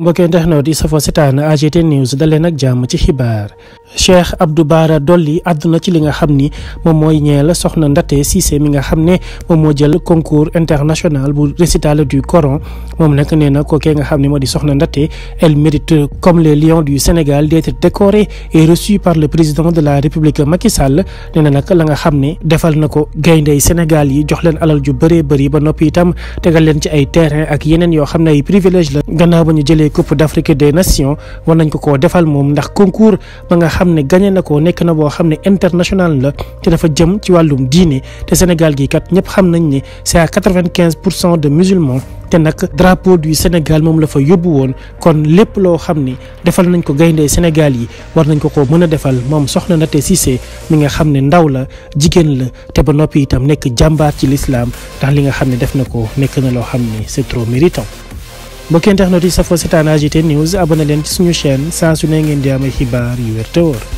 mbokkee ndexnoot yi safoo setaan AGT News dalee nag jàmm ci xibaar Cheikh Abdou Bara Dolly àdduna ci li nga xam ni moom mooy ñeel soxna ndate Cissé mi nga xam ne moom moo jël concours international bu récital du Coran moom nag nee na kookee nga xam ne moo di soxna Ndaté elle mérite comme les lions du Sénégal d'être décorée et reçue par le président de la République Macky Sall nee na nag la nga xam ne defal na ko gayndey Sénégal yi jox leen alal ju bëree bëri ba noppi itam tegal leen ci ay terrain ak yeneen yoo xam ne les coupes d'Afrique des nations war nañ ko koo defal moom ndax concours ba nga xam ne gagné na ko nekk na boo xam ne international la te dafa jëm ci wàllum diine te Sénégal gi kat ñëpp xam nañ ni c'est à quatre quinze pour cent de musulmans te nag drapeau du Sénégal moom la fa yóbbu woon kon lépp loo xam ni defal nañ ko gayndee Sénégal yi war nañ ko ko mën a defal moom soxna Naté Cissé mi nga xam ne ndaw la jigéen la te ba noppi itam nekk jàmbaar ci lislaam ndax li nga xam ne def na ko nekk na loo xam ni mbokki internet yi safoo seetaan AGT news abonné leen suñu chaîne saa su ne ngeen di am ay xibaar yu te wóor